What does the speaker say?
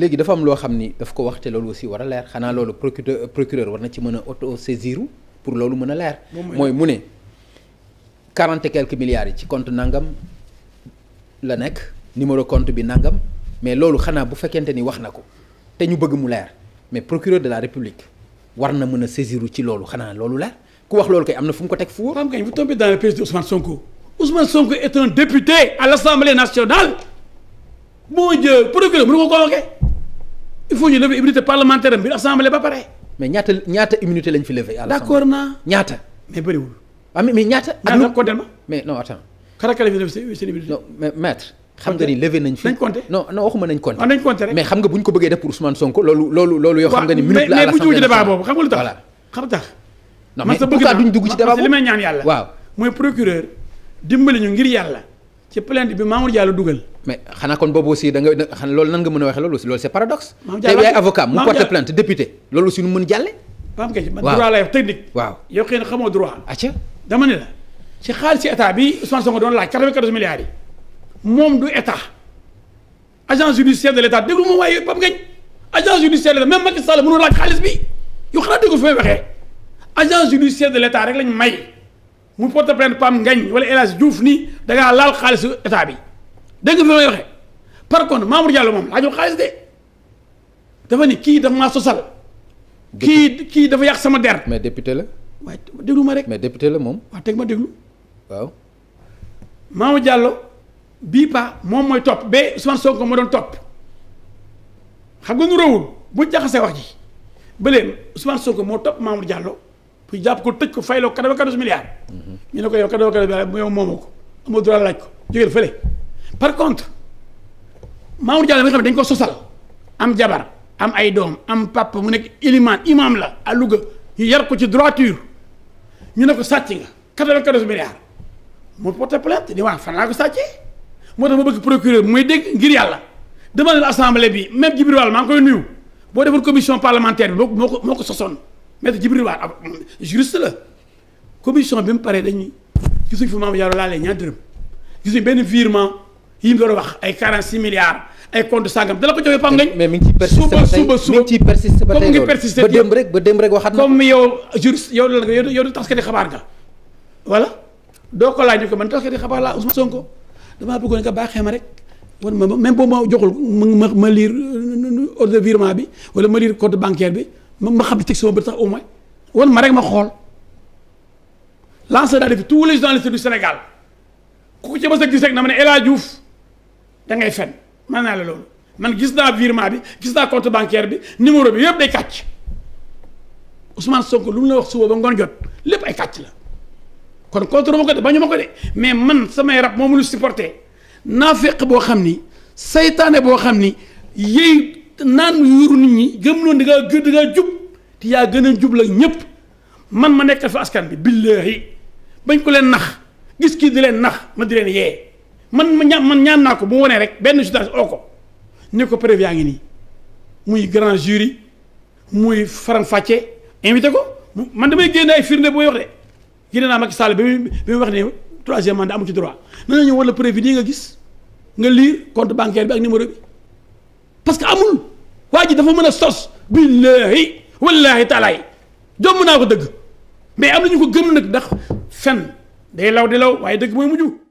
léegi dafa am loo xam ni daf ko wax te loolu aussi war a leer xanaa loolu procureur procureur war na ci mën a auto saisiru pour loolu mën a leer. mooy mu ne quarante et quelques yi ci compte nangam la nekk numéro compte bi nangam mais loolu xanaa bu fekkente ni wax na ko te ñu bëgg mu leer mais procureur de la république war na mën a saisiru ci loolu xanaa loolu leer ku wax loolu kay am na fu ko teg fu. xam nga vous tombez dans le piège de Ousmane Sonko Ousmane Sonko moo ko convoquer il faut ñu lever ba pare. mais ñaata ñaata immunité lañ fi lever. l' ñaata. mais bëriwul. Ah, ñaata. ak lu ko delma mais non attends. karakara fi lever ni levé nañ fi nañ compté non non waxuma nañ compté. Ah, nañ compté rek mais xam nga bu ñu ko bëggee def pour Ousmane Sonko loolu loolu loolu yoo xam nga ni minute la à l'assemblée mais mais bu ñu débat boobu xam nga lu tax. voilà xam tax. non mais pourquoi duñ dugg ci débat boobu waaw mooy procureur dimbali ñu ngir yàlla ci plainte bi Mamour Diallo dugal. mais xanaa kon boobu aussi da nga xanaa loolu nan nga mën a waxee loolu aussi loolu c'est paradoxe. Mamour Diallo tey yaay avocat mu porte plainte député loolu aussi nu mën jàlle. Pape Gueye man droit lay wax technique. waaw yow xëy na xamoo droit. acca dama ne la ci xaalis ci état bi Ousmane Sonko doon laaj 94 milliards yi moom du état agent judiciaire de l' état déglu ma waaye Pape Gueye agent judiciaire de l' état même Macky Sall mënul laaj xaalis bi yow xanaa déglu fi may waxee agent judiciaire de l' état rek lañ may. mu porte plainte Pam Ngañ wala El Hadj Diouf nii da laal xaalisu état bi dégg nga fi may waxee par contre Mamour Diallo moom laajul xaalis de dafa ni kii dafa maa sosal. kii dafa yàq sama der. mais député la. waaye ma rek. mais député la moom. waaw teg ma déglu. waaw. Mamour Diallo bii pa moom mooy topp ba Ousmane Sonko moo doon topp xam nga nu róowul bu jaxasee wax ji bële Ousmane Sonko moo topp Mamour jàlloo ñu jàpp ko tëj ko fayloo quatre vingt milliards. ñu ne ko yow quatre-vingt-quatorze yow moomoo ko amoo droit laaj ko jógeel fële. par contre Mamour Diallo mi xam ne dañ ko sosal am jabar am ay doom am papa mu nekk ilimaan imaam la à ñu yar ko ci droiture ñu ne ko sàcc nga quatre-vingt-quatorze milliards mu porté plainte ni waa fan laa ko sàccee moo tax ma bëgg procureur mooy dégg ngir yàlla demal leen assemblée bi même Djibril Wall maa ngi koy nuyu boo defoon commission parlementaire bi maître Djibril War la commission bi mu paree dañuy gisuñ fu maam yàlla laalee ñaar dërëm gisuñ benn virement yi mu doon wax ay 46 milliards. ay compte sangam dala ko joxee pam ngañ mais mi ngi persiste ba tey suba suba mi ngi ciy persiste rek ba démb rek waxaat na comme yow juriste yow la nga yow taskati xabaar nga voilà doo ko laaj ñu ko man taskati xabaar laa Ousmane Sonko damaa bëggoon nga baaxee ma rek wan ma même ma joxul ma ma lire euh, ordre de virement bi wala ma lire compte bi ma xam ne teg sama bët sax au moins wan ma rek ma xool lancé daal di fi les journalistes du Sénégal ku ci mës a gis rek na ma ne El Hadj Diouf da ngay fen man naa la loolu man gis naa virement bi gis naa compte bancaire bi numéro bi yëpp day kàcc Ousmane Sonko lu mu la wax suba ba ngoon jot lépp ay kàcc la kon contre ma ko de bañu ko de mais man samay rab moomu lu supporté naa fekk boo xam ni saytaane boo xam ni yéy. naan mu yuuru nit ñi gëmloon da ngaa gë ngaa jub te yaa gën a jub la ñëpp man ma nekk fi askan bi billaahi bañ ko leen nax gis kii di leen nax ma di leen yee man ma ña man ñaan naa ko bu mu wanee rek benn situation oo ko ne ko preuve yaa ngi nii muy grand jury muy faram fàcce invité ko man damay génne ay firnde booy wax de naa Macky Sall wax ne troisième mandat amu ci droit na ñu war la preuve nii nga gis nga lire compte bancaire bi ak numéro bi parce que amul waa ji dafa mën a sos billaahi wallaahi taalaay jomm naa ko dëgg mais am na ñu ko gëm nag dax fen day law di law waaye dëgg mooy mujju